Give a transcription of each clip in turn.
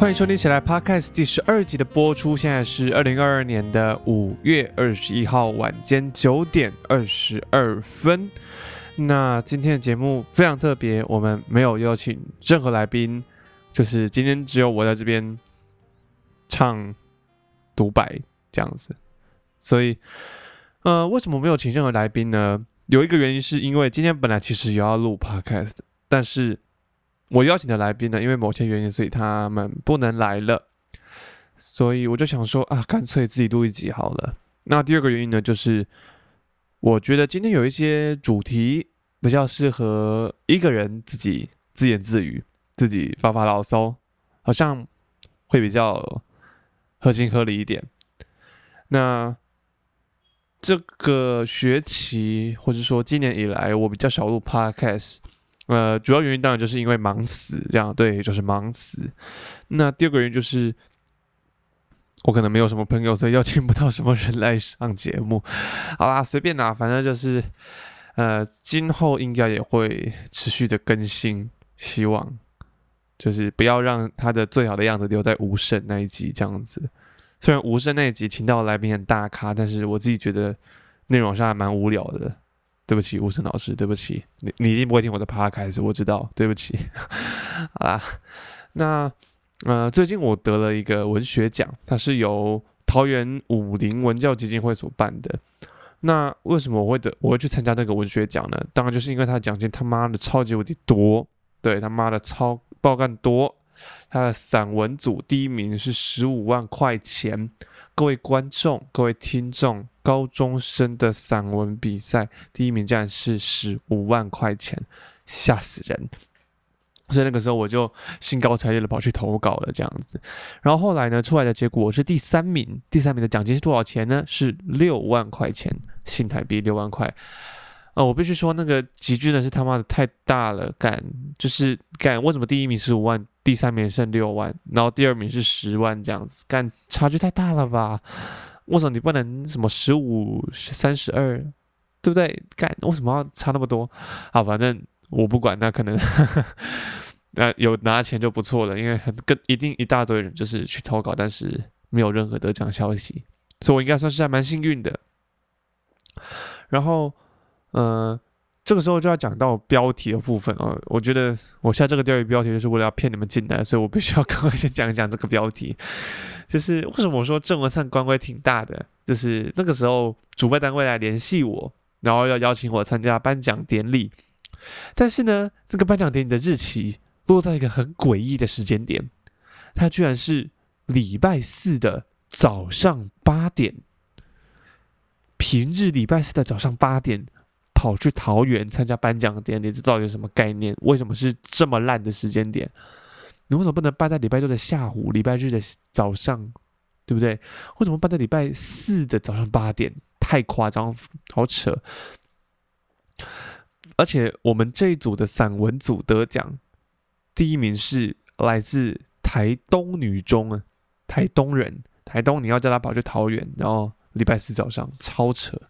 歡迎收聽誰來 Podcast 第十二集的播出，現在是二零二二年的五月二十一號晚間九點二十二分。那今天的節目非常特別，我們沒有邀請任何來賓，就是今天只有我在這邊唱獨白這樣子。所以，呃，為什麼沒有請任何來賓呢？有一個原因是因為今天本來其實也要錄 podcast，但是我邀請的來賓呢，因為某些原因，所以他們不能來了，所以我就想說啊，乾脆自己錄一集好了。那第二個原因呢，就是我覺得今天有一些主題比較適合一個人自己自言自語，自己發發牢騷，好像會比較合情合理一點。那。這個學期或者說今年以來，我比較少錄 podcast，呃，主要原因當然就是因為忙死這樣，對，就是忙死。那第二個原因就是我可能沒有什麼朋友，所以邀請不到什麼人來上節目。好啦，隨便啦，反正就是，呃，今後應該也會持續的更新，希望就是不要讓他的最好的樣子留在無聲那一集這樣子。雖然無聲那一集請到來賓很大咖，但是我自己覺得內容上還蠻無聊的。對不起，無聲老師，對不起，你你一定不會聽我的 podcast，我知道，對不起。 好啦，那呃，最近我得了一個文學獎，它是由桃園武林文教基金會所辦的。那為什麼我會得？我會去參加那個文學獎呢？當然，就是因為它獎金他媽的超級無敵多，對他媽的超爆幹多。他的散文組第一名是十五萬塊錢，各位觀眾、各位聽眾，高中生的散文比賽第一名竟然是十五萬塊錢，嚇死人！所以那個時候我就興高采烈的跑去投稿了，這樣子。然後後來呢，出來的結果是第三名，第三名的獎金是多少錢呢？是六萬塊錢新台幣，六萬塊。呃，我必須說，那個級距的是他媽的太大了，幹就是幹，為什麼第一名十五萬，第三名剩六萬，然後第二名是十萬這樣子，幹差距太大了吧？為什麼你不能什麼十五三十二，對不對？幹為什麼要差那麼多？好，反正我不管，那可能呵呵那有拿錢就不錯了，因為跟一定一大堆人就是去投稿，但是沒有任何得獎消息，所以我應該算是還蠻幸運的，然後。呃，這個時候就要講到標題的部分了，哦。我覺得我下這個釣魚標題就是為了要騙你們進來，所以我必須要趕快先講一講這個標題。就是為什麼我說鄭文燦官威挺大的？就是那個時候主辦單位來聯繫我，然後要邀請我參加頒獎典禮。但是呢，這個頒獎典禮的日期落在一個很詭異的時間點，它居然是禮拜四的早上八點。平日禮拜四的早上八點。跑去桃園參加頒獎典禮，這到底是什麼概念？為什麼是這麼爛的時間點？你為什麼不能辦在禮拜六的下午、禮拜日的早上，對不對？為什麼辦在禮拜四的早上八點？太誇張，好扯！而且我們這一組的散文組得獎第一名是來自台東女中啊，台東人，台東你要叫他跑去桃園，然後禮拜四早上，超扯！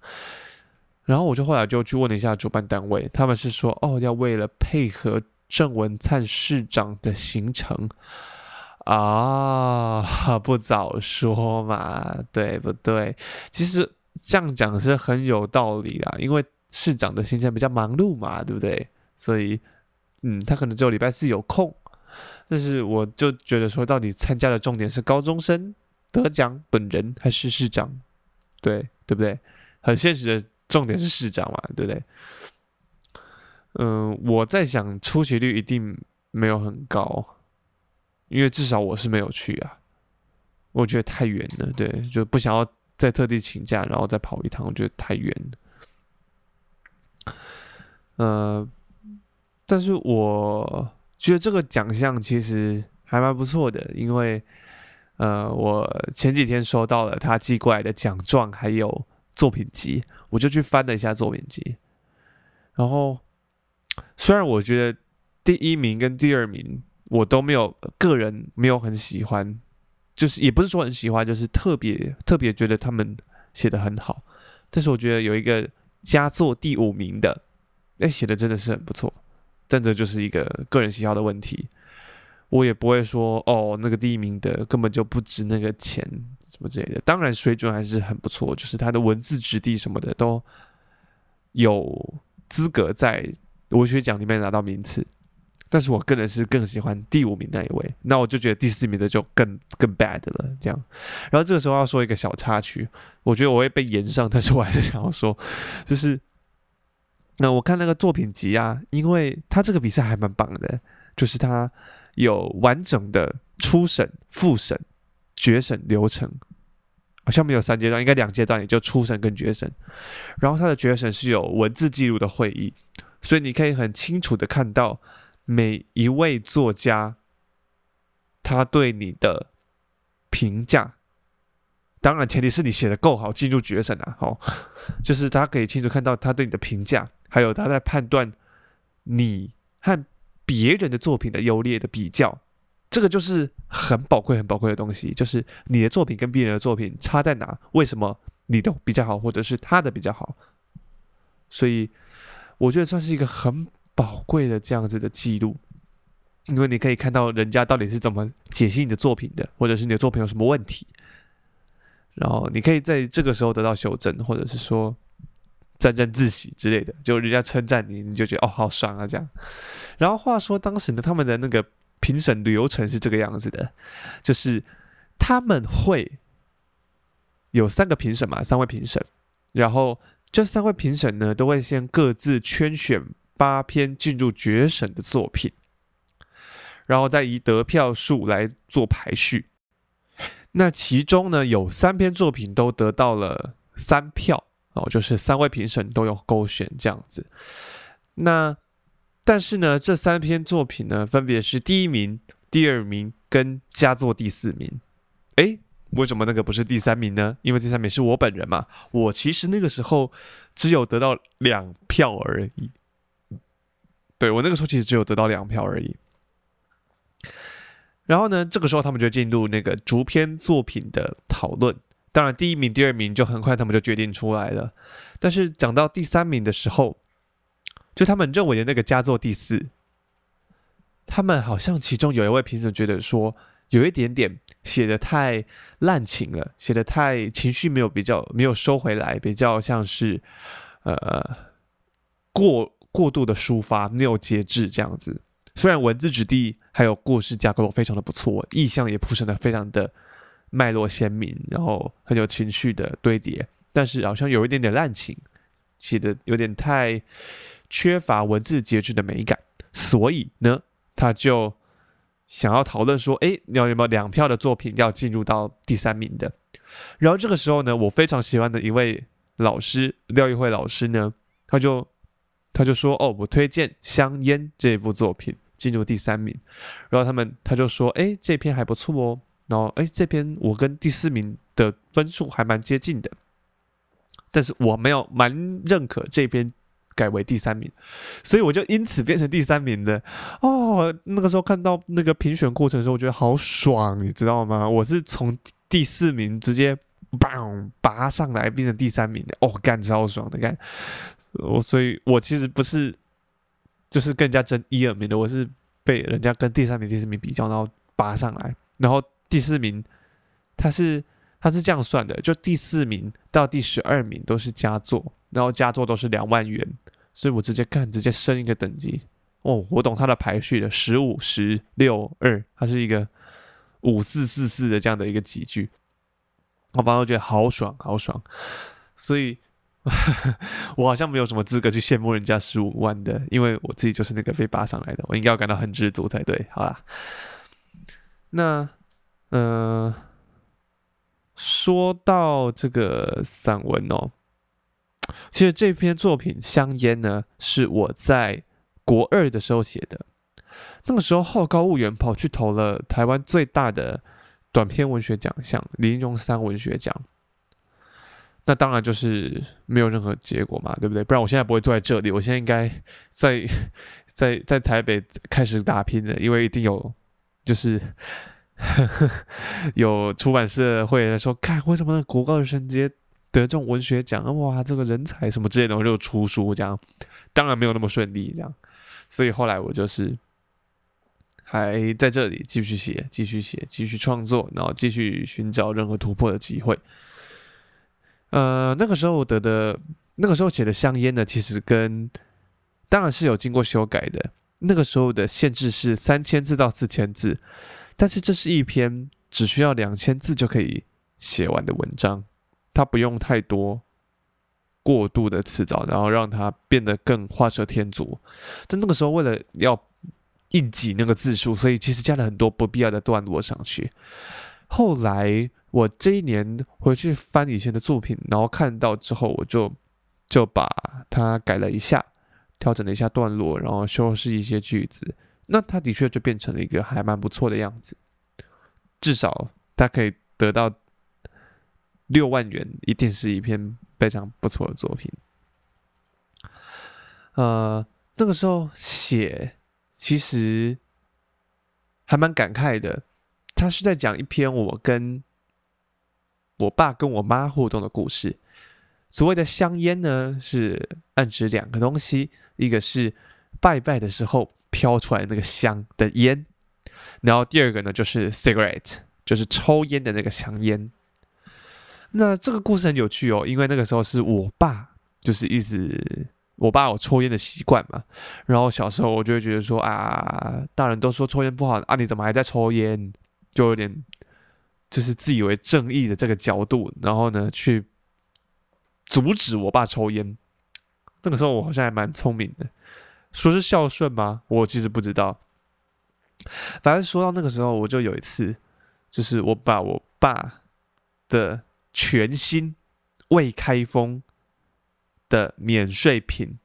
然後我就後來就去問了一下主辦單位，他們是說，哦，要為了配合鄭文燦市長的行程，啊、哦，不早說嘛，對不對？其實這樣講是很有道理啦，因為市長的行程比較忙碌嘛，對不對？所以，嗯，他可能只有禮拜四有空。但是我就覺得說，到底參加的重點是高中生得獎本人還是市長，對，對不對？很現實的。重點是市長嘛，對不對，對？嗯、呃，我在想出席率一定沒有很高，因為至少我是沒有去啊。我覺得太遠了，對，就不想要再特地請假，然後再跑一趟，我覺得太遠。呃，但是我覺得這個獎項其實還蠻不錯的，因為呃，我前幾天收到了他寄過來的獎狀，還有。作品集，我就去翻了一下作品集，然後雖然我覺得第一名跟第二名我都沒有，個人沒有很喜歡，就是也不是說很喜歡，就是特別特別覺得他們寫的很好，但是我覺得有一個佳作第五名的，那寫的真的是很不錯，但這就是一個個人喜好的問題。我也不會說哦，那個第一名的根本就不值那個錢，什麼之類的。當然水準還是很不錯，就是他的文字質地什麼的都有資格在文學獎裡面拿到名次。但是我個人是更喜歡第五名那一位，那我就覺得第四名的就更更 bad 了。這樣，然後這個時候要說一個小插曲，我覺得我會被炎上，但是我還是想要說，就是那我看那個作品集啊，因為他這個比賽還蠻棒的，就是他。有完整的初審、複審、決審流程，好像沒有三階段，應該兩階段，也就初審跟決審。然後他的決審是有文字記錄的會議，所以你可以很清楚的看到每一位作家他對你的評價。當然，前提是你寫得夠好，進入決審啊。好、哦，就是他可以清楚看到他對你的評價，還有他在判斷你和。別人的作品的優劣的比較，這個就是很寶貴、很寶貴的東西。就是你的作品跟別人的作品差在哪？為什麼你的比較好，或者是他的比較好？所以我覺得算是一個很寶貴的這樣子的記錄，因為你可以看到人家到底是怎麼解析你的作品的，或者是你的作品有什麼問題，然後你可以在這個時候得到修正，或者是說。沾沾自喜之類的，就人家稱讚你，你就覺得哦，好爽啊，這樣。然後話說，當時呢，他們的那個評審流程是這個樣子的，就是他們會有三個評審嘛，三位評審，然後這三位評審呢，都會先各自圈選八篇進入決審的作品，然後再以得票數來做排序。那其中呢，有三篇作品都得到了三票。哦，就是三位評審都有勾選這樣子。那但是呢，這三篇作品呢，分別是第一名、第二名跟佳作第四名。哎，為什麼那個不是第三名呢？因為第三名是我本人嘛。我其實那個時候只有得到兩票而已。對，我那個時候其實只有得到兩票而已。然後呢，這個時候他們就進入那個逐篇作品的討論。當然，第一名、第二名就很快他們就決定出來了。但是講到第三名的時候，就他們認為的那個佳作第四，他們好像其中有一位評審覺得說，有一點點寫的太濫情了，寫的太情緒沒有比較沒有收回來，比較像是呃過過度的抒發，沒有節制這樣子。雖然文字質地還有故事架構非常的不錯，意象也鋪陳的非常的。脈絡鮮明，然後很有情緒的堆疊，但是好像有一點點濫情，寫的有點太缺乏文字節制的美感，所以呢，他就想要討論說，哎、欸，你有沒有兩票的作品要進入到第三名的？然後這個時候呢，我非常喜歡的一位老師廖玉蕙老師呢，他就他就說，哦，我推薦《香煙》這一部作品進入第三名。然後他們他就說，哎、欸，這篇還不錯哦。然後，哎，這邊我跟第四名的分數還蠻接近的，但是我沒有蠻認可這邊改為第三名，所以我就因此變成第三名的。哦，那個時候看到那個評選過程的時候，我覺得好爽，你知道嗎？我是從第四名直接 bang 拔上來變成第三名的，哦，幹超爽的幹！我所以，我其實不是就是更加爭一二名的，我是被人家跟第三名、第四名比較，然後拔上來，然後。第四名，他是他是這樣算的，就第四名到第十二名都是佳作，然後佳作都是兩萬元，所以我直接看直接升一個等級哦，我懂他的排序的十五十六二，他是一個五四四四的這樣的一個級距，我反而覺得好爽好爽，所以 我好像沒有什麼資格去羨慕人家十五萬的，因為我自己就是那個被扒上來的，我應該要感到很知足才對，好啦，那。嗯、呃，說到這個散文哦，其實這篇作品《香菸》呢，是我在國二的時候寫的。那個時候好高騖遠，跑去投了台灣最大的短篇文學獎項林榮三文學獎。那當然就是沒有任何結果嘛，對不對？不然我現在不會坐在這裡，我現在應該在在在，在台北開始打拼了，因為一定有就是。 有出版社會來說：“看，為什麼國高生接得這種文學獎？哇，這個人才什麼之類的，我就出書，這樣。當然沒有那麼順利，這樣。所以後來我就是還在這裡繼續寫，繼續寫，繼續創作，然後繼續尋找任何突破的機會。呃，那個時候我得的，那個時候寫的香菸呢，其實跟當然是有經過修改的。那個時候的限製是三千字到四千字。”但是這是一篇只需要兩千字就可以寫完的文章，它不用太多過度的詞藻，然後讓它變得更畫蛇添足。但那個時候為了要硬擠那個字數，所以其實加了很多不必要的段落上去。後來我這一年回去翻以前的作品，然後看到之後，我就就把它改了一下，調整了一下段落，然後修飾一些句子。那他的確就變成了一個還蠻不錯的樣子，至少他可以得到六萬元，一定是一篇非常不錯的作品。呃，那個時候寫其實還蠻感慨的，他是在講一篇我跟我爸跟我媽互動的故事。所謂的香煙呢，是暗指兩個東西，一個是。拜拜的時候飄出來那個香的煙，然後第二個呢就是 cigarette，就是抽煙的那個香煙。那這個故事很有趣哦，因為那個時候是我爸，就是一直我爸有抽煙的習慣嘛。然後小時候我就會覺得說啊，大人都說抽煙不好啊，你怎麼還在抽煙？就有點就是自以為正義的這個角度，然後呢去阻止我爸抽煙。那個時候我好像還蠻聰明的。說是孝順嗎？我其實不知道。反正說到那個時候，我就有一次，就是我把我爸的全新未開封的免稅品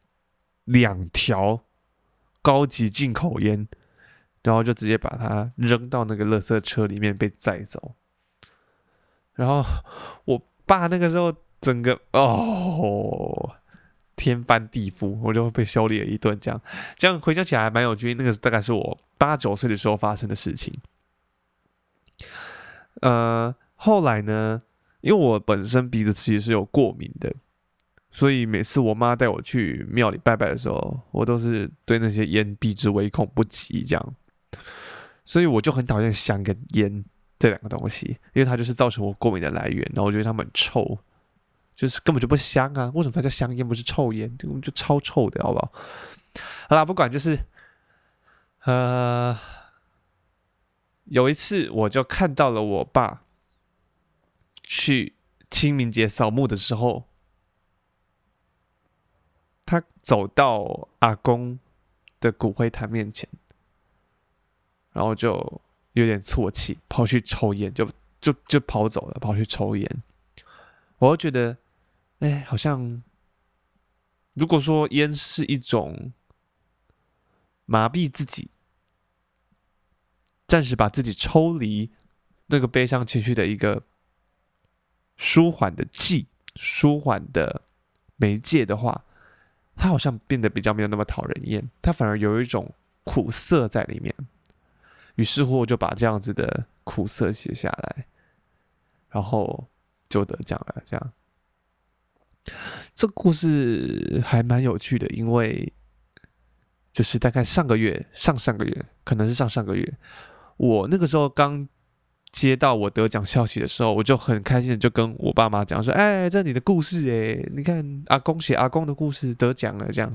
兩條高級進口煙，然後就直接把它扔到那個垃圾車裡面被載走。然後我爸那個時候整個哦。天翻地覆，我就會被修理了一頓。這樣，這樣回想起來還蠻有趣。那個大概是我八九歲的時候發生的事情。呃，後來呢，因為我本身鼻子其實是有過敏的，所以每次我媽帶我去廟裡拜拜的時候，我都是對那些煙避之唯恐不及。這樣，所以我就很討厭香跟煙這兩個東西，因為它就是造成我過敏的來源。然後我覺得它們很臭。就是根本就不香啊！為什麼它叫香菸不是臭菸？這個就超臭的，好不好？好啦，不管就是，呃，有一次我就看到了我爸去清明節掃墓的時候，他走到阿公的骨灰罈面前，然後就有點啜泣，跑去抽菸，就就就跑走了，跑去抽菸。我覺得，哎、欸，好像如果說煙是一種麻痹自己、暫時把自己抽離那個悲傷情緒的一個舒緩的劑、舒緩的媒介的話，它好像變得比較沒有那麼討人厭，它反而有一種苦澀在裡面。於是乎，我就把這樣子的苦澀寫下來，然後。就得獎了，這樣。這個故事還蠻有趣的，因為就是大概上個月、上上個月，可能是上上個月，我那個時候剛接到我得獎消息的時候，我就很開心的就跟我爸媽講說：“哎、欸，這你的故事哎，你看，阿公寫阿公的故事得獎了，這樣。”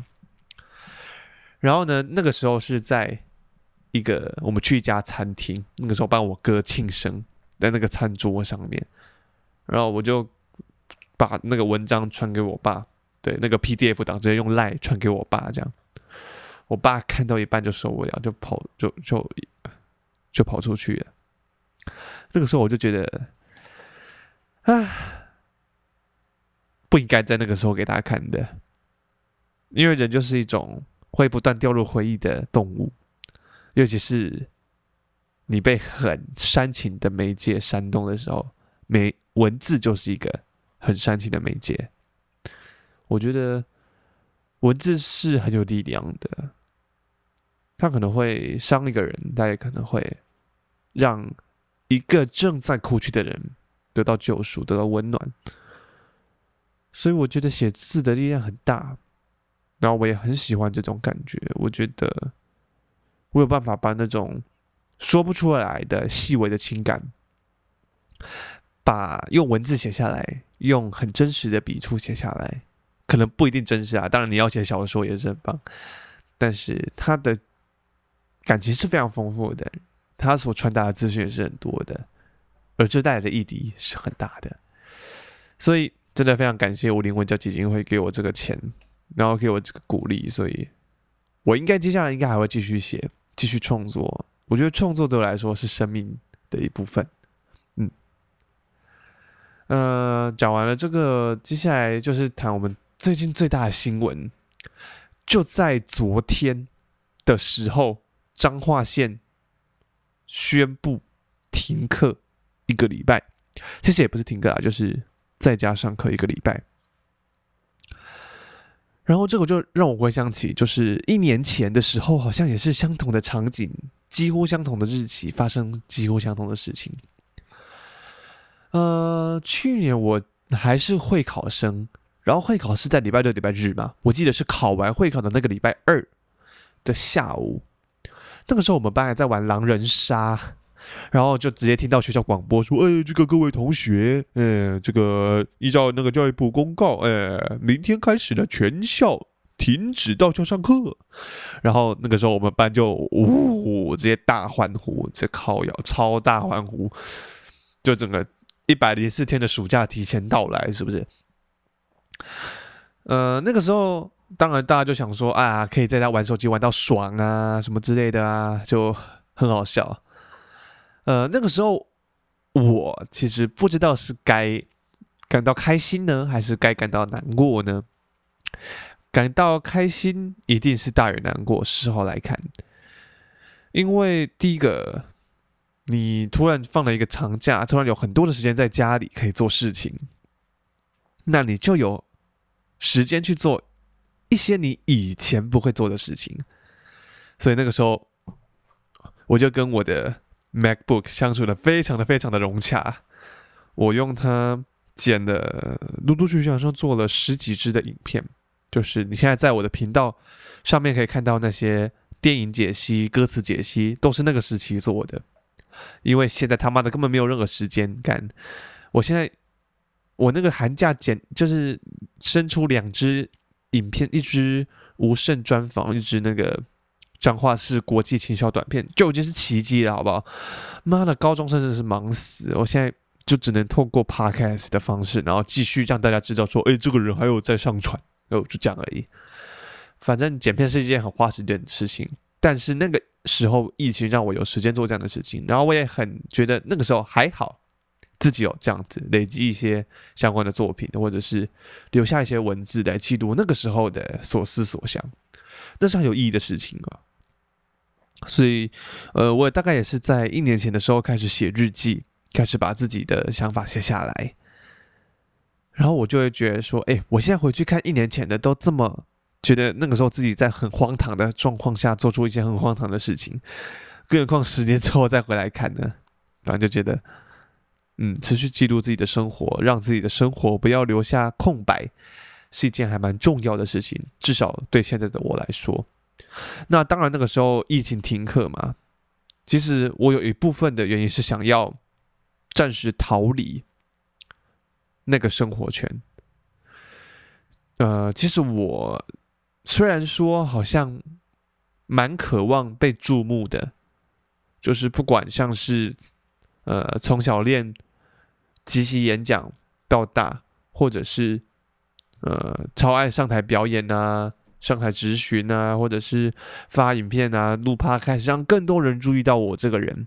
然後呢，那個時候是在一個我們去一家餐廳，那個時候幫我哥慶生，在那個餐桌上面。然後我就把那個文章傳給我爸，對，那個 PDF 檔直接用 Line 傳給我爸，這樣，我爸看到一半就受不了，就跑，就就就跑出去了。這、那個時候我就覺得，唉，不應該在那個時候給大家看的，因為人就是一種會不斷掉入回憶的動物，尤其是你被很煽情的媒介煽動的時候。沒文字就是一個很煽情的媒介。我覺得文字是很有力量的，它可能會傷一個人，但也可能會讓一個正在哭泣的人得到救贖，得到溫暖。所以，我覺得寫字的力量很大。然後，我也很喜歡這種感覺。我覺得我有辦法把那種說不出來的細微的情感。把用文字寫下來，用很真實的筆觸寫下來，可能不一定真實啊。當然，你要寫小說也是很棒，但是他的感情是非常豐富的，他所傳達的資訊也是很多的，而這帶來的意義是很大的。所以，真的非常感謝我靈魂教基金會給我這個錢，然後給我這個鼓勵，所以我應該接下來應該還會繼續寫，繼續創作。我覺得創作對我來說是生命的一部分。呃，講完了這個，接下來就是談我們最近最大的新聞。就在昨天的時候，彰化縣宣布停課一個禮拜。其實也不是停課啦，就是在家上課一個禮拜。然後這個就讓我回想起，就是一年前的時候，好像也是相同的場景，幾乎相同的日期，發生幾乎相同的事情。呃，去年我還是會考生，然後會考是在禮拜六、禮拜日嘛，我記得是考完會考的那個禮拜二的下午，那個時候我們班還在玩狼人殺，然後就直接聽到學校廣播說：“哎、欸，這個各位同學，嗯、欸，這個依照那個教育部公告，哎、欸，明天開始呢，全校停止到校上課。”然後那個時候我們班就嗚，直接大歡呼，這靠腰，超大歡呼，就整個。一百零四天的暑假提前到來，是不是？呃，那個時候，當然大家就想說，啊，可以在家玩手機玩到爽啊，什麼之類的啊，就很好笑。呃，那個時候，我其實不知道是該感到開心呢，還是該感到難過呢？感到開心一定是大於難過，事後來看，因為第一個。你突然放了一個長假，突然有很多的時間在家裡可以做事情，那你就有時間去做一些你以前不會做的事情。所以那個時候，我就跟我的 MacBook 相處的非常的非常的融洽。我用它剪了，陸陸續續好像做了十幾支的影片，就是你現在在我的頻道上面可以看到那些電影解析、歌詞解析，都是那個時期做的。因為現在他媽的根本沒有任何時間感我現在我那個寒假剪就是生出兩支影片，一支無勝專訪，一支那個彰化市國際傾銷短片，就已經是奇蹟了，好不好？媽的，高中生真的是忙死！我現在就只能透過 podcast 的方式，然後繼續讓大家知道說，哎、欸，這個人還有在上傳，然後就這樣而已。反正剪片是一件很花時間的事情，但是那個。時候疫情讓我有時間做這樣的事情，然後我也很覺得那個時候還好，自己有這樣子累積一些相關的作品，或者是留下一些文字來記錄那個時候的所思所想，那是很有意義的事情啊。所以，呃，我大概也是在一年前的時候開始寫日記，開始把自己的想法寫下來，然後我就會覺得說，哎、欸，我現在回去看一年前的都這麼。覺得那個時候自己在很荒唐的狀況下做出一些很荒唐的事情，更何況十年之後再回來看呢？反正就覺得，嗯，持續記錄自己的生活，讓自己的生活不要留下空白，是一件還蠻重要的事情。至少對現在的我來說，那當然那個時候疫情停課嘛，其實我有一部分的原因是想要暫時逃離那個生活圈。呃，其實我。雖然說好像蠻渴望被注目的，就是不管像是呃從小練即席演講到大，或者是呃超愛上台表演啊，上台質詢啊，或者是發影片啊錄趴，開始讓更多人注意到我這個人。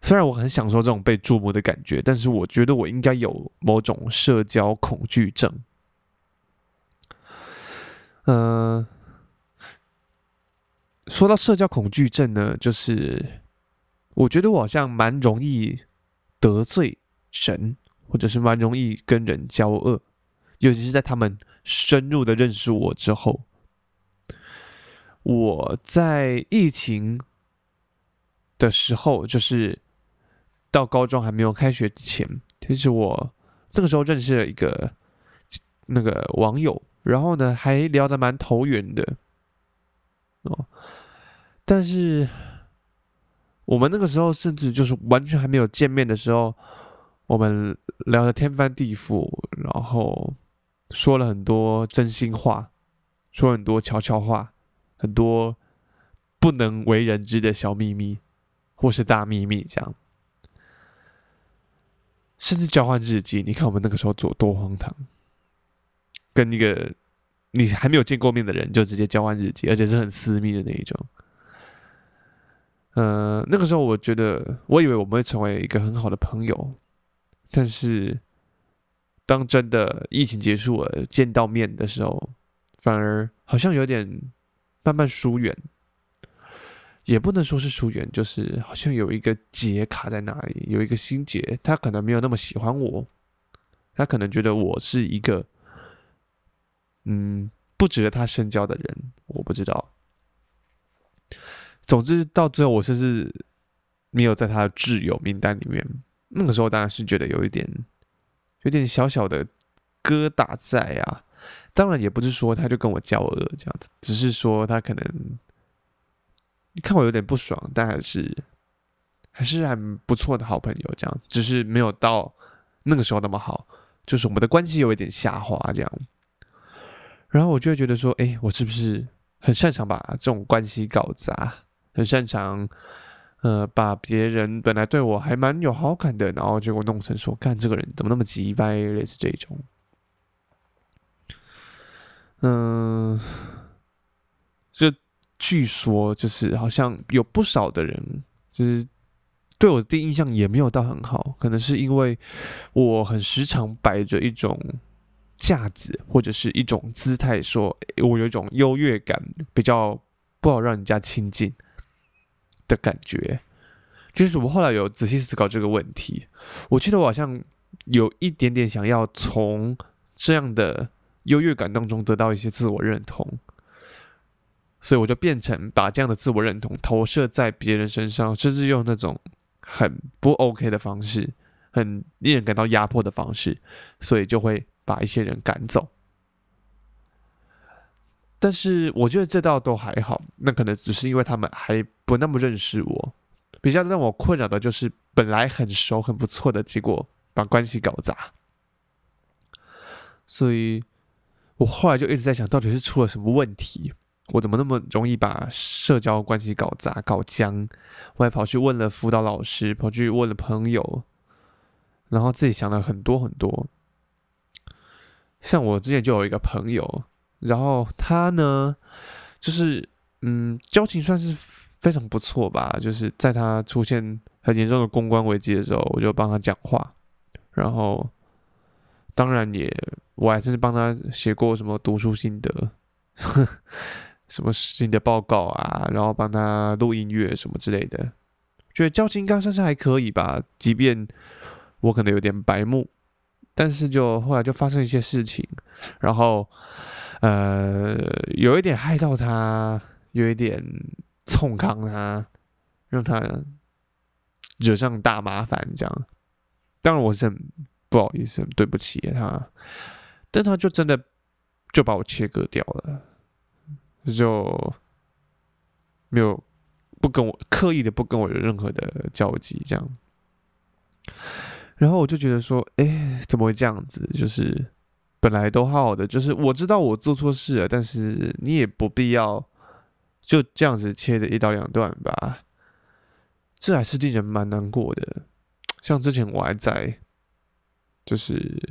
雖然我很享受這種被注目的感覺，但是我覺得我應該有某種社交恐懼症。嗯、呃，說到社交恐懼症呢，就是我覺得我好像蠻容易得罪神，或者是蠻容易跟人交惡，尤其是在他們深入的認識我之後。我在疫情的時候，就是到高中還沒有開學之前，其實我那個時候認識了一個那個網友。然後呢，還聊得蠻投緣的哦。但是我們那個時候，甚至就是完全還沒有見面的時候，我們聊得天翻地覆，然後說了很多真心話，說了很多悄悄話，很多不能為人知的小祕密或是大祕密，這樣，甚至交換日記。你看我們那個時候做多荒唐。跟一個你還沒有見過面的人就直接交換日記，而且是很私密的那一種。呃，那個時候我覺得，我以為我們會成為一個很好的朋友，但是當真的疫情結束了，見到面的時候，反而好像有點慢慢疏遠，也不能說是疏遠，就是好像有一個結卡在那裡，有一個心結，他可能沒有那麼喜歡我，他可能覺得我是一個。嗯，不值得他深交的人，我不知道。總之，到最後我甚至沒有在他的摯友名單裡面。那個時候當然是覺得有一點，有點小小的疙瘩在啊。當然也不是說他就跟我交惡這樣子，只是說他可能你看我有點不爽，但還是還是還不錯的好朋友這樣子。只是沒有到那個時候那麼好，就是我們的關係有一點下滑這樣。然後我就會覺得說，哎，我是不是很擅長把這種關係搞砸？很擅長，呃，把別人本來對我還蠻有好感的，然後結果弄成說，看這個人怎麼那麼急掰，類似這種。嗯、呃，就據說就是好像有不少的人，就是對我的第一印象也沒有到很好，可能是因為我很時常擺着一種。架子或者是一種姿態，說、欸、我有一種優越感，比較不好讓人家親近的感覺。就是我後來有仔細思考這個問題，我記得我好像有一點點想要從這樣的優越感當中得到一些自我認同，所以我就變成把這樣的自我認同投射在別人身上，甚至用那種很不 OK 的方式，很令人感到壓迫的方式，所以就會。把一些人趕走，但是我覺得這倒都還好。那可能只是因為他們還不那麼認識我。比較讓我困擾的就是，本來很熟、很不錯的，結果把關係搞砸。所以，我後來就一直在想，到底是出了什麼問題？我怎麼那麼容易把社交關係搞砸、搞僵？我還跑去問了輔導老師，跑去問了朋友，然後自己想了很多很多。像我之前就有一個朋友，然後他呢，就是嗯，交情算是非常不錯吧。就是在他出現很嚴重的公關危機的時候，我就幫他講話，然後當然也我還是幫他寫過什麼讀書心得，哼，什麼心得報告啊，然後幫他錄音樂什麼之類的。覺得交情應該算是還可以吧，即便我可能有點白目。但是就後來就發生一些事情，然後呃有一點害到他，有一點衝康他，讓他惹上大麻煩這樣。當然我是很不好意思，對不起他，但他就真的就把我切割掉了，就沒有不跟我刻意的不跟我有任何的交集這樣。然後我就覺得說，哎，怎麼會這樣子？就是本來都好好的，就是我知道我做錯事了，但是你也不必要就這樣子切的一刀兩斷吧。這還是令人蠻難過的。像之前我還在，就是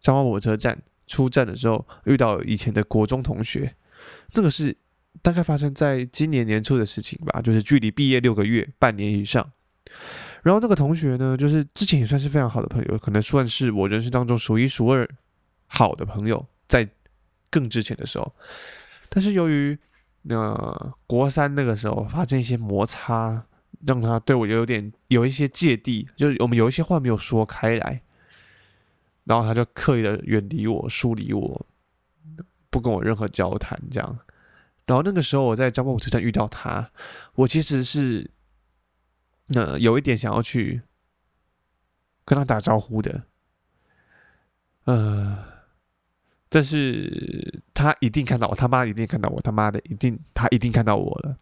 彰化火車站出站的時候遇到以前的國中同學，這個是大概發生在今年年初的事情吧，就是距離畢業六個月、半年以上。然後那個同學呢，就是之前也算是非常好的朋友，可能算是我人生當中數一數二好的朋友，在更之前的時候。但是由於呃，國三那個時候發生一些摩擦，讓他對我有點有一些芥蒂，就是我們有一些話沒有說開來，然後他就刻意的遠離我、疏離我，不跟我任何交談這樣。然後那個時候我在張博武車站遇到他，我其實是。那、呃、有一點想要去跟他打招呼的，呃，但是他一定看到我，他媽一定看到我，他媽的，一定，他一定看到我了，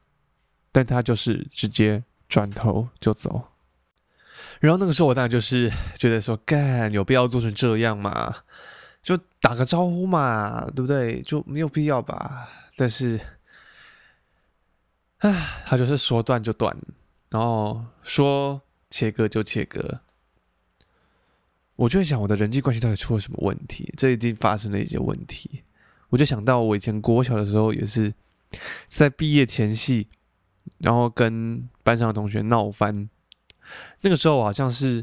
但他就是直接轉頭就走。然後那個時候我當然就是覺得說，幹，有必要做成這樣嘛，就打個招呼嘛，對不對？就沒有必要吧。但是，唉，他就是說斷就斷。然後說切割就切割，我就在想我的人際關係到底出了什麼問題？這已經發生了一些問題。我就想到我以前國小的時候也是在畢業前夕，然後跟班上的同學鬧翻。那個時候好像是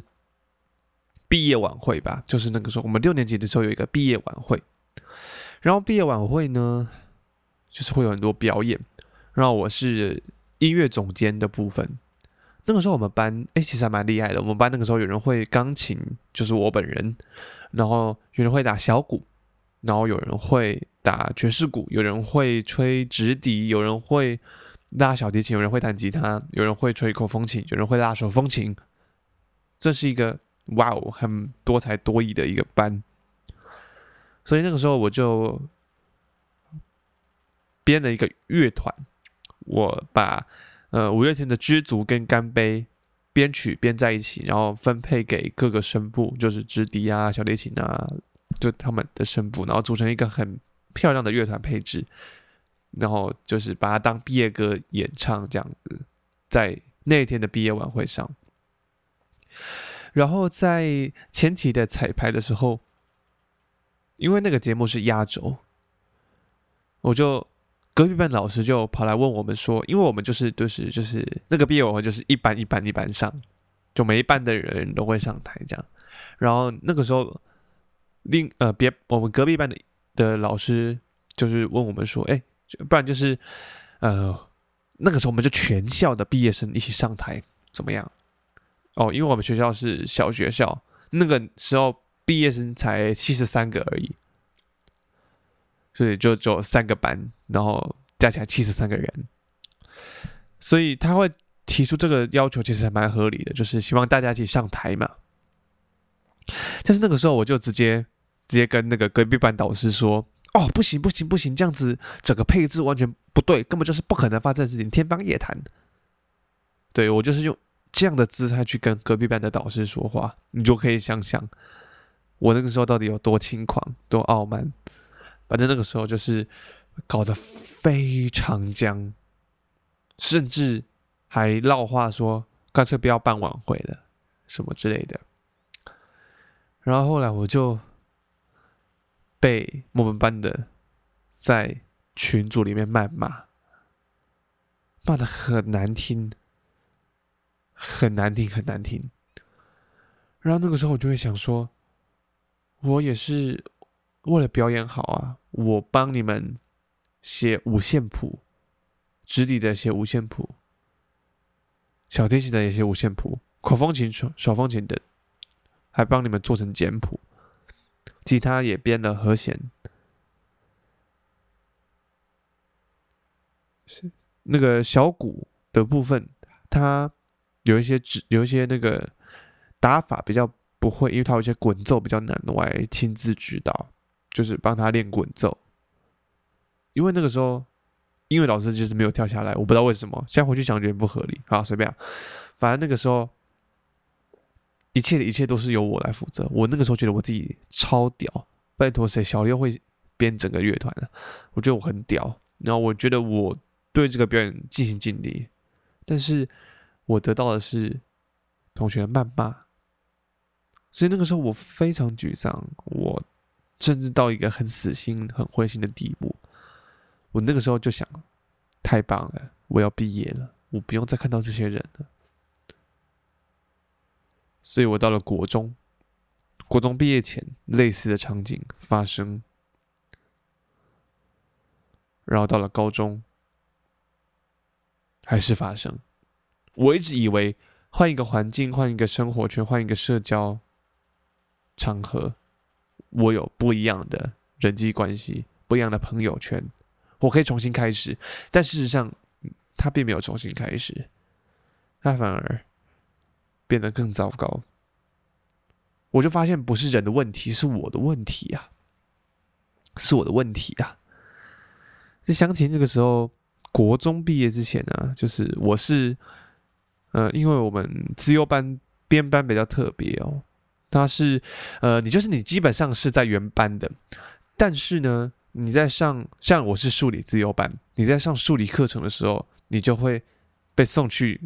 畢業晚會吧，就是那個時候我們六年級的時候有一個畢業晚會。然後畢業晚會呢，就是會有很多表演，然後我是音樂總監的部分。那個時候我們班，哎、欸，其實還蠻厲害的。我們班那個時候有人會鋼琴，就是我本人；然後有人會打小鼓，然後有人會打爵士鼓，有人會吹直笛，有人會拉小提琴，有人會彈吉他，有人會吹口風琴，有人會拉手風琴。這是一個哇哦，很多才多藝的一個班。所以那個時候我就編了一個樂團，我把。呃，五月天的《知足》跟《乾杯》，編曲編在一起，然後分配給各個聲部，就是直笛啊、小提琴啊，就他們的聲部，然後組成一個很漂亮的樂團配置，然後就是把它當畢業歌演唱這樣子，在那一天的畢業晚會上。然後在前期的彩排的時候，因為那個節目是壓軸，我就。隔壁班老師就跑來問我們說：“因為我們就是就是就是那個畢業晚會就是一班一班一班上，就每一班的人都會上台這樣。然後那個時候，另呃，別我們隔壁班的的老師就是問我們說：‘哎、欸，不然就是呃那個時候我們就全校的畢業生一起上台怎麼樣？’哦，因為我們學校是小學校，那個時候畢業生才七十三個而已。”所以就就三個班，然後加起來七十三個人，所以他會提出這個要求，其實還蠻合理的，就是希望大家一起上台嘛。但是那個時候，我就直接直接跟那個隔壁班導師說：“哦，不行不行不行，這樣子整個配置完全不對，根本就是不可能發生的事情，天方夜譚。”對，我就是用這樣的姿態去跟隔壁班的導師說話，你就可以想想，我那個時候到底有多輕狂，多傲慢。反正那個時候就是搞得非常僵，甚至還撂話說乾脆不要辦晚會了，什麼之類的。然後後來我就被我們班的在群組裡面謾罵，罵，罵的很難聽，很難聽，很難聽。然後那個時候我就會想說，我也是。為了表演好啊，我幫你們寫五線譜，直笛的寫五線譜，小提琴的也寫五線譜，口風琴、手風琴的，還幫你們做成簡譜，吉他也編了和弦。那個小鼓的部分，它有一些指，有一些那個打法比較不會，因為它有一些滾奏比較難，我還親自指導。就是幫他練滾奏，因為那個時候，音樂老師就是沒有跳下來，我不知道為什麼。現在回去想覺得不合理。好啊，隨便啊，反正那個時候一切的一切都是由我來負責。我那個時候覺得我自己超屌，拜托誰小六會編整個樂團啊？我覺得我很屌。然後我覺得我對這個表演盡心盡力，但是我得到的是同學的謾罵。所以那個時候我非常沮喪。我。甚至到一個很死心、很灰心的地步。我那個時候就想，太棒了，我要畢業了，我不用再看到這些人了。所以我到了國中，國中畢業前類似的場景發生，然後到了高中，還是發生。我一直以為換一個環境、換一個生活圈、換一個社交場合。我有不一樣的人際關係，不一樣的朋友圈，我可以重新開始。但事實上，他並沒有重新開始，他反而變得更糟糕。我就發現不是人的問題，是我的問題啊，是我的問題啊。就相起那個時候，國中畢業之前呢、啊，就是我是，呃，因為我們資優班編班比較特別哦。它是，呃，你就是你基本上是在原班的，但是呢，你在上，像我是數理自由班，你在上數理課程的時候，你就會被送去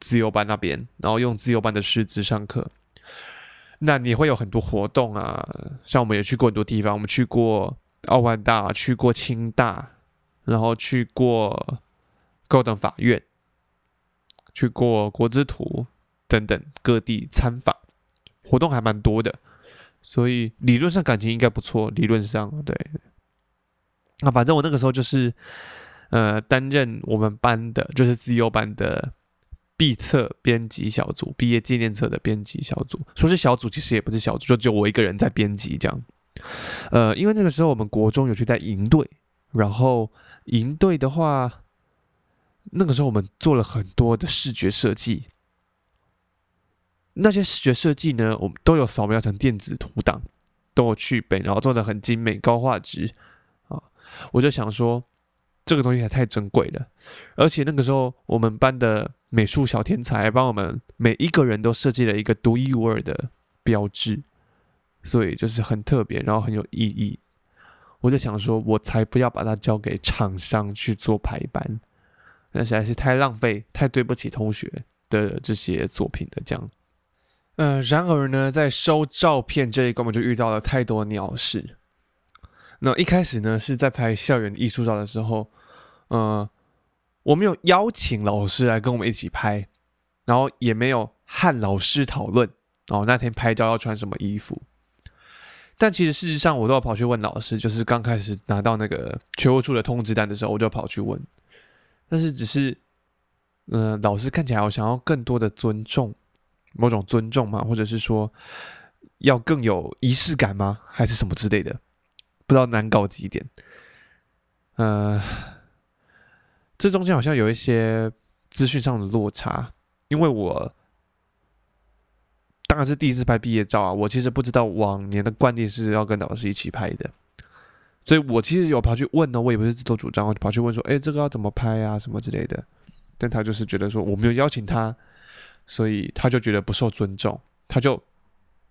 自由班那邊，然後用自由班的師資上課。那你會有很多活動啊，像我們也去過很多地方，我們去過奧萬大，去過清大，然後去過高等法院，去過國資圖等等各地參訪。活動還蠻多的，所以理論上感情應該不錯。理論上，對。那、啊、反正我那個時候就是，呃，擔任我們班的，就是自由班的畢業冊編輯小組，畢業紀念冊的編輯小組。說是小組，其實也不是小組，就只有我一個人在編輯這樣。呃，因為那個時候我們國中有去帶營隊，然後營隊的話，那個時候我們做了很多的視覺設計。那些視覺設計呢，我們都有掃描成電子圖檔，都有去背，然後做的很精美、高畫質啊。我就想說，這個東西還太珍貴了。而且那個時候，我們班的美術小天才幫我們每一個人都設計了一個獨一無二的標誌，所以就是很特別，然後很有意義。我就想說，我才不要把它交給廠商去做排版，那實在是太浪費，太對不起同學的這些作品的這樣。呃，然而呢，在收照片這一關，我們就遇到了太多鳥事。那一開始呢，是在拍校園藝術照的時候，嗯、呃，我沒有邀請老師來跟我們一起拍，然後也沒有和老師討論哦，然後那天拍照要穿什麼衣服。但其實事實上，我都要跑去問老師。就是剛開始拿到那個學務處的通知單的時候，我就跑去問，但是只是，嗯、呃，老師看起來我想要更多的尊重。某種尊重嗎？或者是說要更有儀式感嗎？還是什麼之類的？不知道難搞幾點。呃，這中間好像有一些資訊上的落差，因為我當然是第一次拍畢業照啊。我其實不知道往年的慣例是要跟老師一起拍的，所以我其實有跑去問呢。我也不是自作主張，我跑去問說：“哎、欸，這個要怎麼拍啊？什麼之類的。但他就是覺得說我沒有邀請他。所以他就覺得不受尊重，他就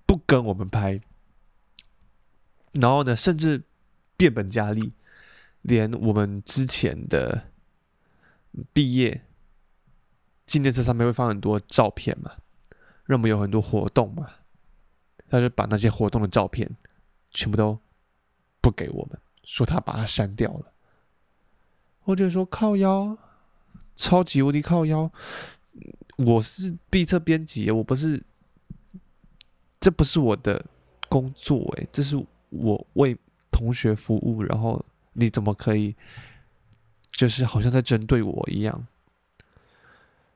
不跟我們拍。然後呢，甚至變本加厲，連我們之前的畢業紀念冊上面會放很多照片嘛，讓我們有很多活動嘛，他就把那些活動的照片全部都不給我們，說他把它刪掉了。我覺得說靠腰，超級無敵靠腰。我是畢冊編輯，我不是，這不是我的工作。欸，誒，這是我為同學服務，然後你怎麼可以，就是好像在針對我一樣，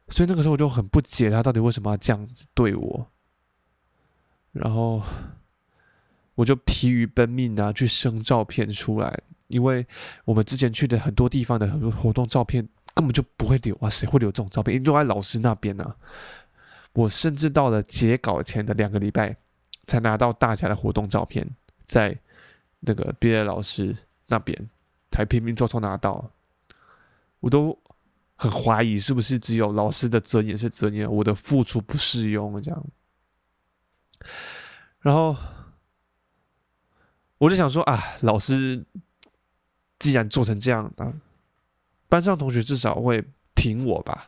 所以那個時候我就很不解，他到底為什麼要這樣子對我，然後我就疲於奔命啊，去生照片出來，因為我們之前去的很多地方的很多活動照片。根本就不會留啊！誰會留這種照片？因、欸、為都在老師那邊呢、啊，我甚至到了截稿前的兩個禮拜，才拿到大家的活動照片，在那個畢業的老師那邊，才拼拼湊湊拿到。我都很懷疑是不是只有老師的尊嚴是尊嚴，我的付出不適用這樣。然後我就想說啊，老師既然做成這樣啊。班上同學至少會挺我吧？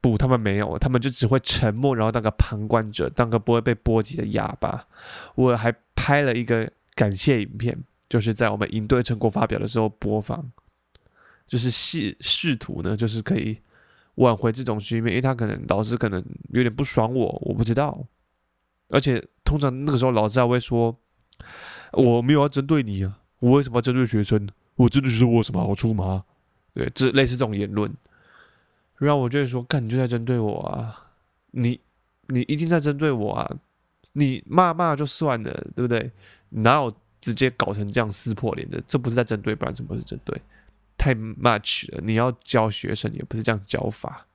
不，他們沒有，他們就只會沉默，然後當個旁觀者，當個不會被波及的啞巴。我還拍了一個感謝影片，就是在我們營隊成果發表的時候播放，就是試試圖呢，就是可以挽回這種局面，因為他可能老師可能有點不爽我，我不知道。而且通常那個時候老師還會說：“我沒有要針對你啊，我為什麼要針對學生？”我真的覺得我有什麼好處嗎？對，這類似這種言論，然後我就會說，看，你就在針對我啊！你，你一定在針對我啊！你罵罵就算了，對不對？哪有直接搞成這樣撕破臉的？這不是在針對，不然怎麼是針對？太 much 了！你要教學生，也不是這樣教法。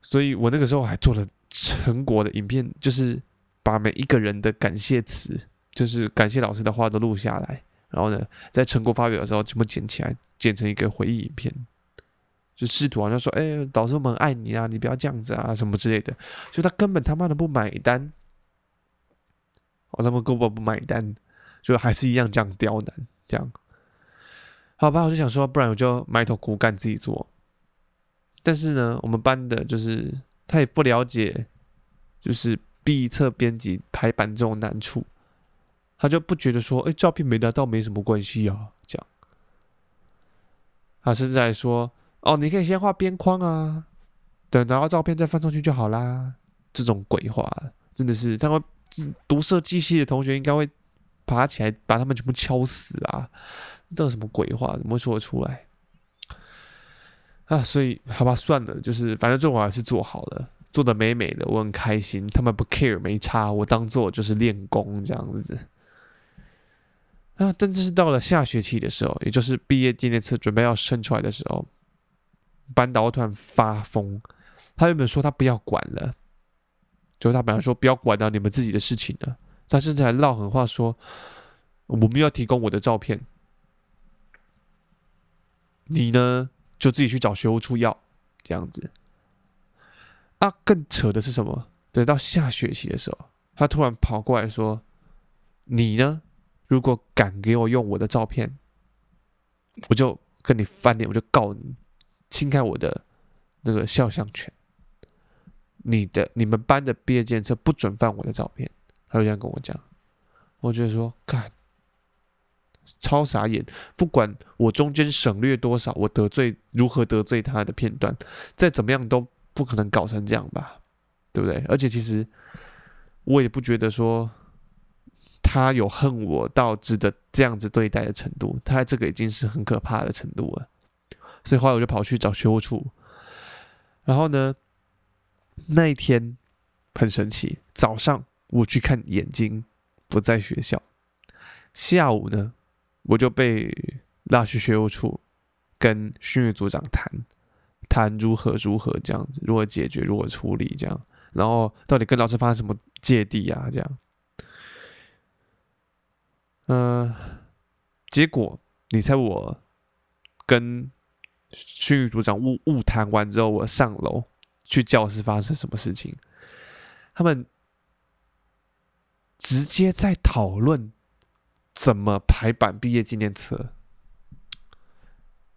所以我那個時候還做了成果的影片，就是把每一個人的感謝詞，就是感謝老師的話都錄下來。然後呢，在成果發表的時候，全部剪起來，剪成一個回憶影片，就試圖好像說，哎、欸，導師我們愛你啊，你不要這樣子啊，什麼之類的，就他根本他媽的不買單，哦，他們根本不，不買單，就還是一樣這樣刁難，這樣，好吧，我就想說，不然我就埋頭苦幹自己做，但是呢，我們班的就是他也不了解，就是畢設編輯排版這種難處。他就不覺得說，哎、欸，照片沒拿到沒什麼關係啊。這樣，他、啊、甚至還說，哦，你可以先畫邊框啊，等拿到照片再放上去就好啦。這種鬼話，真的是，他們讀設計系的同學應該會爬起來把他們全部敲死啊！這什麼鬼話，怎麼會說得出來？啊，所以好吧，算了，就是反正最後還是做好了，做的美美的，我很開心。他們不 care，沒差，我當做就是練功這樣子。啊！但是到了下學期的時候，也就是畢業紀念冊準備要生出來的時候，班導突然發瘋，他原本說他不要管了，就是他本來說不要管了、啊、你們自己的事情了，他甚至還撂狠話說，我們要提供我的照片，你呢就自己去找學務處要這樣子。啊！更扯的是什麼？等到下學期的時候，他突然跑過來說，你呢？如果敢給我用我的照片，我就跟你翻臉，我就告你侵害我的那個肖像權。你的、你們班的畢業檢測不准翻我的照片。他就這樣跟我講，我覺得說幹，超傻眼。不管我中間省略多少，我得罪如何得罪他的片段，再怎麼樣都不可能搞成這樣吧？對不對？而且其實我也不覺得說。他有恨我到值得這樣子對待的程度，他這個已經是很可怕的程度了。所以後來我就跑去找學務處。然後呢，那一天很神奇，早上我去看眼睛不在學校，下午呢，我就被拉去學務處跟訓育組長談，談如何如何這樣子，如何解決，如何處理這樣，然後到底跟老師發生什麼芥蒂啊這樣。嗯、呃，結果你猜我跟訓育組長誤誤談完之後，我上樓去教室，發生什麼事情？他們直接在討論怎麼排版畢業紀念冊。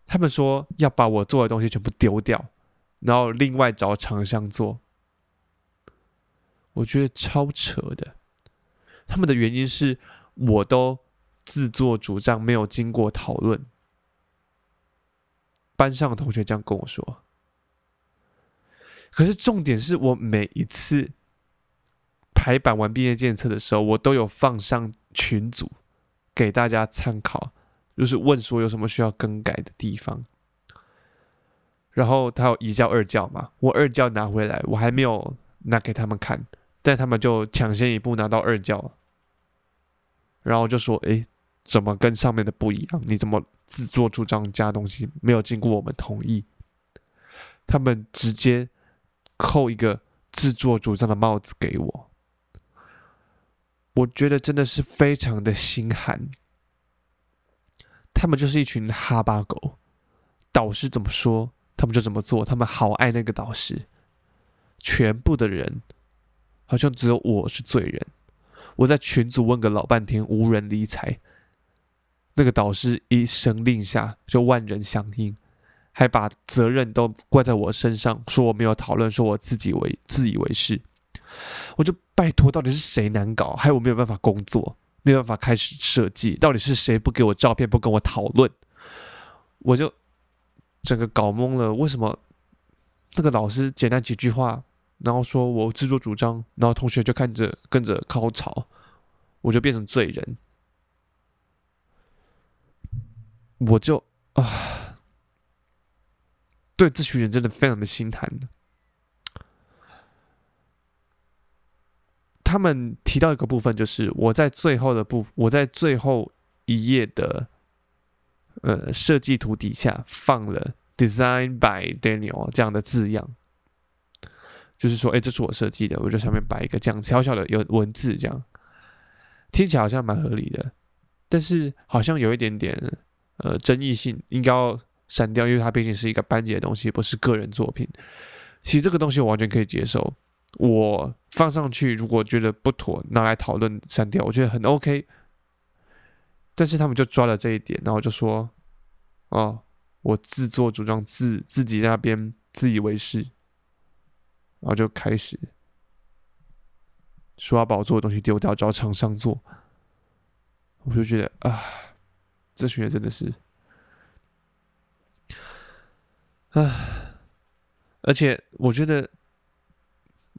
他們說要把我做的東西全部丟掉，然後另外找廠商做。我覺得超扯的。他們的原因是。我都自作主張，沒有經過討論。班上的同學這樣跟我說。可是重點是我每一次排版完畢業建冊的時候，我都有放上群組給大家參考，就是問說有什麼需要更改的地方。然後他有一教二教嘛，我二教拿回來，我還沒有拿給他們看，但他們就搶先一步拿到二教。然後就說：“哎，怎麼跟上面的不一樣？你怎麼自作主張加東西，沒有經過我們同意？”他們直接扣一個自作主張的帽子給我，我覺得真的是非常的心寒。他們就是一群哈巴狗，導師怎麼說，他們就怎麼做，他們好愛那個導師。全部的人好像只有我是罪人。我在群組問個老半天，無人理睬。那個導師一聲令下，就萬人響應，還把責任都怪在我身上，說我沒有討論，說我自己為自以為是。我就拜託，到底是誰難搞？害我沒有辦法工作，沒辦法開始設計。到底是誰不給我照片，不跟我討論？我就整個搞懵了，為什麼那個老師簡單幾句話？然後說我自作主張，然後同學就看着跟着高潮，我就變成罪人，我就啊，對這群人真的非常的心寒。他們提到一個部分，就是我在最後的部，我在最後一頁的呃設計圖底下放了 “Design by Daniel” 這樣的字樣。就是說，哎，這是我設計的，我就上面擺一個這樣小小的有文字，這樣聽起來好像蠻合理的，但是好像有一點點呃爭議性，應該要刪掉，因為它畢竟是一個班級的東西，不是個人作品。其實這個東西我完全可以接受，我放上去如果覺得不妥，拿來討論刪掉，我覺得很 OK。但是他們就抓了這一點，然後就說，哦，我自作主張自，自自己在那邊自以為是。然後就開始說要把我做的東西丟掉，找廠商做。我就覺得啊，這群人真的是，唉、啊，而且我覺得，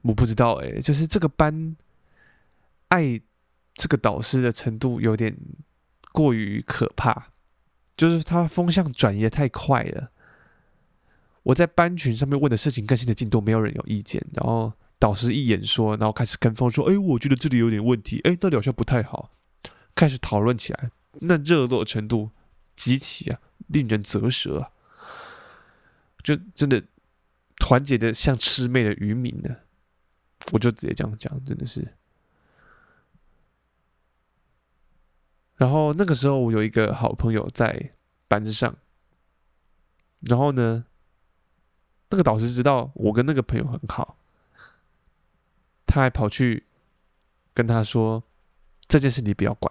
我不知道哎、欸，就是這個班，愛這個導師的程度有點過於可怕，就是他風向轉移得太快了。我在班群上面問的事情更新的進度，沒有人有意見。然後導師一言說，然後開始跟風說：“哎、欸，我覺得這裡有點問題，哎、欸，那裡好像不太好。”開始討論起來，那熱絡程度極其啊，令人咋舌啊！就真的團結的像吃魅的漁民呢、啊。我就直接這樣講，真的是。然後那個時候，我有一個好朋友在班上，然後呢，那個導師知道我跟那個朋友很好，他還跑去跟他說：“這件事你不要管，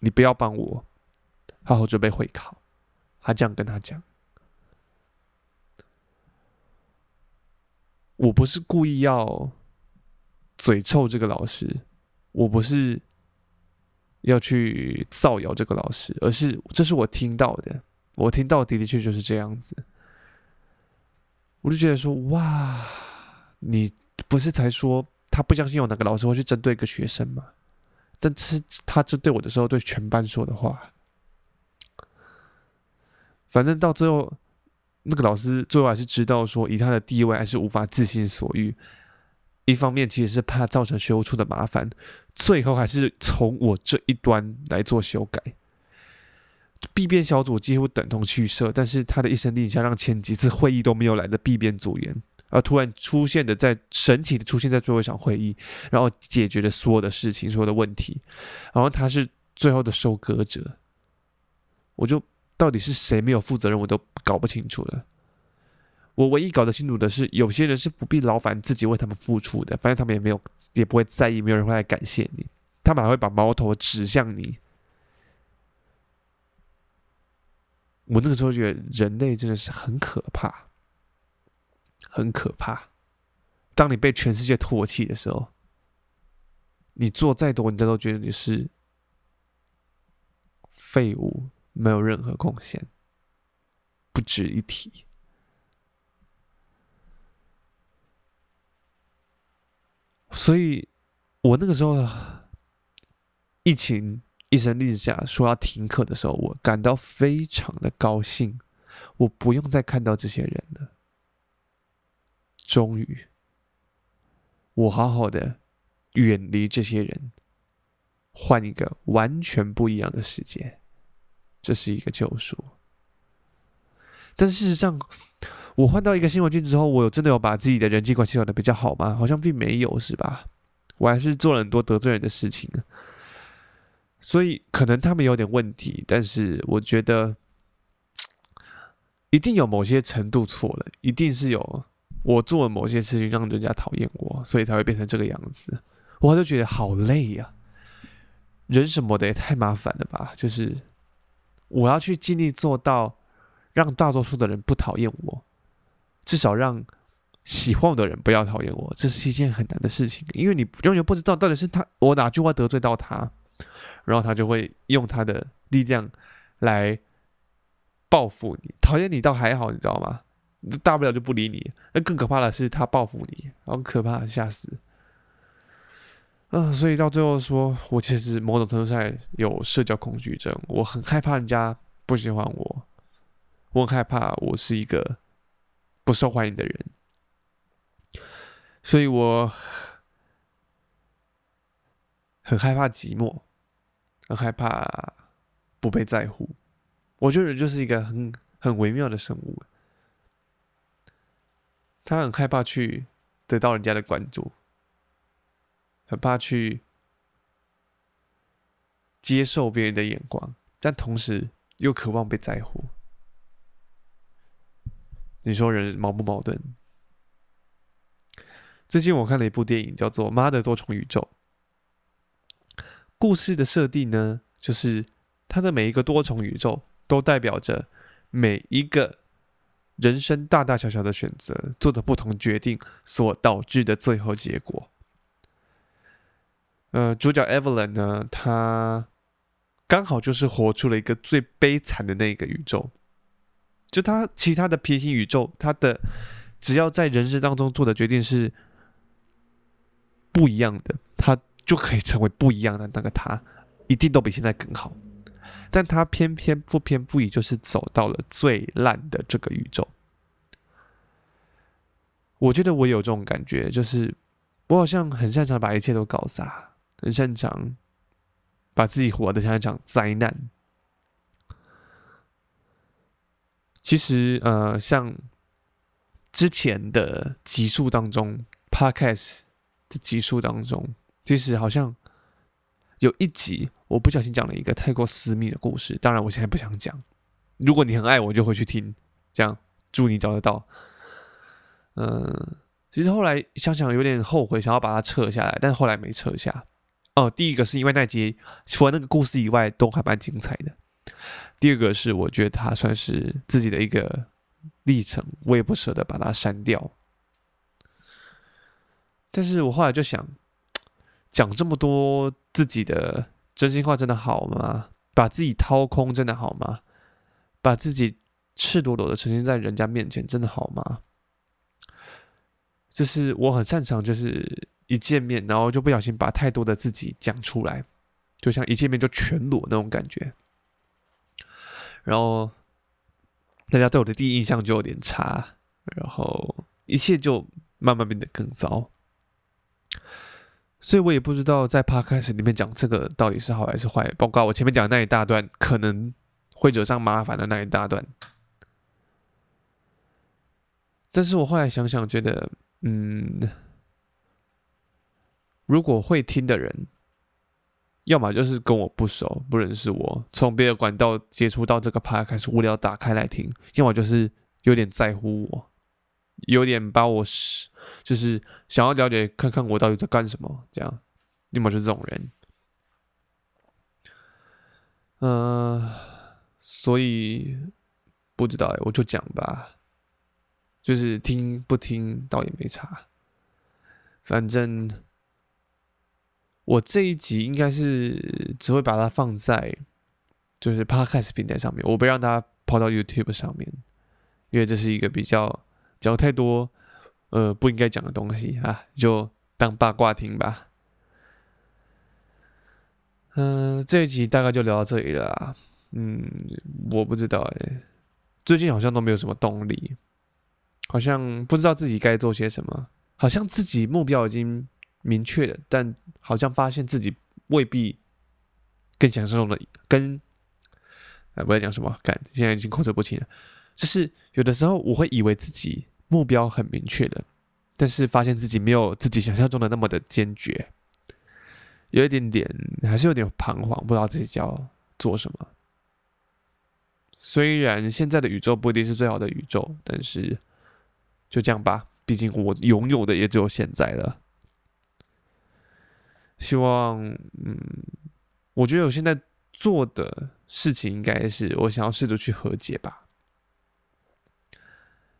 你不要幫我，他好準備會考。”他這樣跟他講。我不是故意要嘴臭這個老師，我不是要去造謠這個老師，而是這是我聽到的，我聽到的的確就是這樣子。我就覺得說，哇，你不是才說他不相信有哪個老師會去針對一個學生嗎？但是他針對我的時候，對全班說的話，反正到最後，那個老師最後還是知道說，以他的地位還是無法隨心所欲。一方面其實是怕造成學務處的麻煩，最後還是從我這一端來做修改。B 編小組幾乎等同去設，但是他的一聲令下，讓前幾次會議都沒有來的 B 編組員，而突然出現的，在神奇的出現在最後一場會議，然後解決了所有的事情，所有的問題，然後他是最後的收割者。我就到底是誰沒有負責任，我都搞不清楚了。我唯一搞得清楚的是，有些人是不必勞煩自己為他們付出的，反正他們也沒有，也不會在意，沒有人會來感謝你，他們還會把矛頭指向你。我那個時候覺得人類真的是很可怕，很可怕。當你被全世界唾棄的時候，你做再多，人家都覺得你是廢物，沒有任何貢獻，不值一提。所以我那個時候，疫情。醫生史下說要停課的時候，我感到非常的高興，我不用再看到這些人了。終於，我好好的遠離這些人，換一個完全不一樣的世界，這是一個救贖。但是事實上，我換到一個新環境之後，我有真的有把自己的人際關係搞得比較好嗎？好像並沒有，是吧？我還是做了很多得罪人的事情。所以可能他們有點問題，但是我覺得一定有某些程度錯了，一定是有我做了某些事情讓人家討厭我，所以才會變成這個樣子。我就覺得好累呀、啊，人什麼的也太麻煩了吧！就是我要去盡力做到讓大多數的人不討厭我，至少讓喜歡我的人不要討厭我，這是一件很難的事情，因為你永遠不知道到底是他，我哪句話得罪到他。然後他就會用他的力量來報復你，討厭你倒還好，你知道嗎？大不了就不理你。那更可怕的是他報復你，很可怕，嚇死！嗯，所以到最後說，說我其實某種程度上有社交恐懼症，我很害怕人家不喜歡我，我很害怕我是一個不受歡迎的人，所以我很害怕寂寞。很害怕不被在乎，我覺得人就是一個很很微妙的生物。他很害怕去得到人家的關注，很怕去接受別人的眼光，但同時又渴望被在乎。你說人矛不矛盾？最近我看了一部電影，叫做《媽的多重宇宙》。故事的設定呢，就是它的每一個多重宇宙都代表着每一個人生大大小小的選擇、做的不同決定所導致的最後結果。呃，主角 Evelyn 呢，她剛好就是活出了一個最悲慘的那個宇宙。就他其他的平行宇宙，他的只要在人生當中做的決定是不一樣的，他。就可以成為不一樣的那個他，一定都比現在更好，但他偏偏不偏不倚，就是走到了最爛的這個宇宙。我覺得我有這種感覺，就是我好像很擅長把一切都搞砸，很擅長把自己活得像一場災難。其實，呃，像之前的集數當中，Podcast 的集數當中。其實好像有一集，我不小心講了一個太過私密的故事。當然，我現在不想講。如果你很愛我，就會去聽。這樣，祝你找得到。嗯，其實後來想想有點後悔，想要把它撤下來，但是後來沒撤下。哦，第一個是因為那集除了那個故事以外，都還蠻精彩的。第二個是我覺得它算是自己的一個歷程，我也不捨得把它刪掉。但是我後來就想。講這麼多自己的真心話，真的好嗎？把自己掏空，真的好嗎？把自己赤裸裸的呈現在人家面前，真的好嗎？就是我很擅長，就是一見面，然後就不小心把太多的自己講出來，就像一見面就全裸那種感覺。然後大家對我的第一印象就有點差，然後一切就慢慢變得更糟。所以我也不知道在 p 開始裡面講這個到底是好還是壞。包括我前面講那一大段可能會惹上麻煩的那一大段。但是我後來想想，覺得，嗯，如果會聽的人，要麼就是跟我不熟、不認識我，從別的管道接觸到這個 p 開始，無聊打開來聽，要麼就是有點在乎我，有點把我是。就是想要了解看看我到底在幹什麼，這樣，要麼是這種人，呃，所以不知道哎，我就講吧，就是聽不聽倒也沒差，反正我這一集應該是只會把它放在就是 Podcast 平台上面，我不讓它拋到 YouTube 上面，因為這是一個比較講太多。呃，不應該講的東西啊，就當八卦聽吧。嗯、呃，這一集大概就聊到這裡了。嗯，我不知道哎、欸，最近好像都沒有什麼動力，好像不知道自己該做些什麼，好像自己目標已經明確了，但好像發現自己未必更享受中的跟……哎、呃，我在講什麼？感現在已經控制不清了。就是有的時候我會以為自己。目標很明確的，但是發現自己沒有自己想象中的那麼的堅決，有一點點，還是有點彷徨，不知道自己要做什麼。雖然現在的宇宙不一定是最好的宇宙，但是就這樣吧，畢竟我擁有的也只有現在了。希望，嗯，我覺得我現在做的事情應該是我想要試着去和解吧。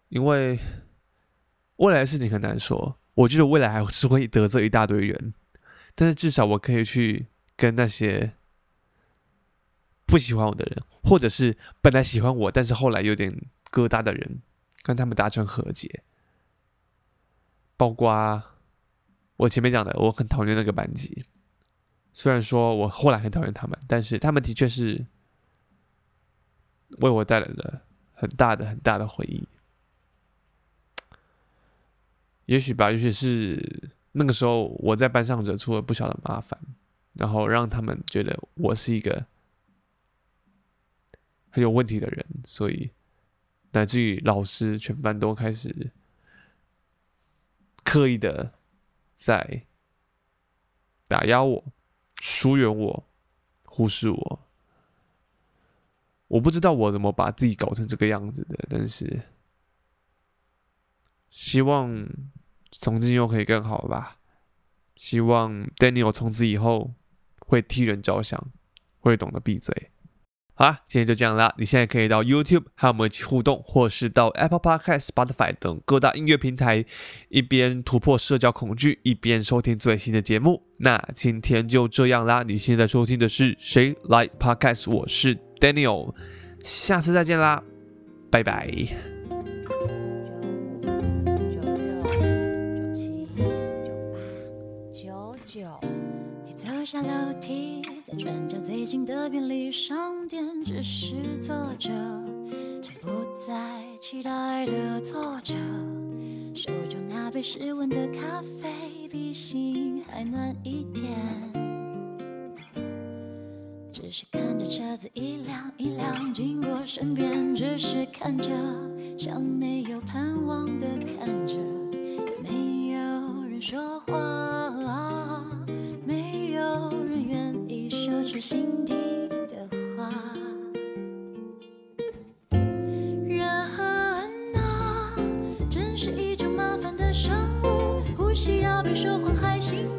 因為未來的事情很難說，我覺得未來還是會得罪一大堆人，但是至少我可以去跟那些不喜歡我的人，或者是本來喜歡我但是後來有點疙瘩的人，跟他們達成和解。包括我前面講的，我很討厭那個班級，雖然說我後來很討厭他們，但是他們的確是為我帶來了很大的很大的回憶。也許吧，也許是那個時候我在班上惹出了不小的麻煩，然後讓他們覺得我是一個很有問題的人，所以乃至於老師全班都開始刻意的在打壓我、疏遠我、忽視我。我不知道我怎麼把自己搞成這個樣子的，但是。希望從今以後可以更好吧。希望 Daniel 從此以後會替人着想，會懂得閉嘴。好啦，今天就這樣啦。你現在可以到 YouTube 和我們一起互動，或是到 Apple Podcast、Spotify 等各大音樂平台，一邊突破社交恐懼，一邊收聽最新的節目。那今天就這樣啦。你現在收聽的是《誰來 Podcast》，我是 Daniel，下次再見啦，拜拜。下樓梯，在轉角最近的便利商店，只是坐着，卻不再期待的坐着，手中那杯失溫的咖啡比心還暖一點。只是看着車子一輛一輛經過身邊，只是看着，像沒有盼望的看着，也沒有人說話。心底的話，人啊，真是一種麻煩的生物，呼吸要比說謊還辛。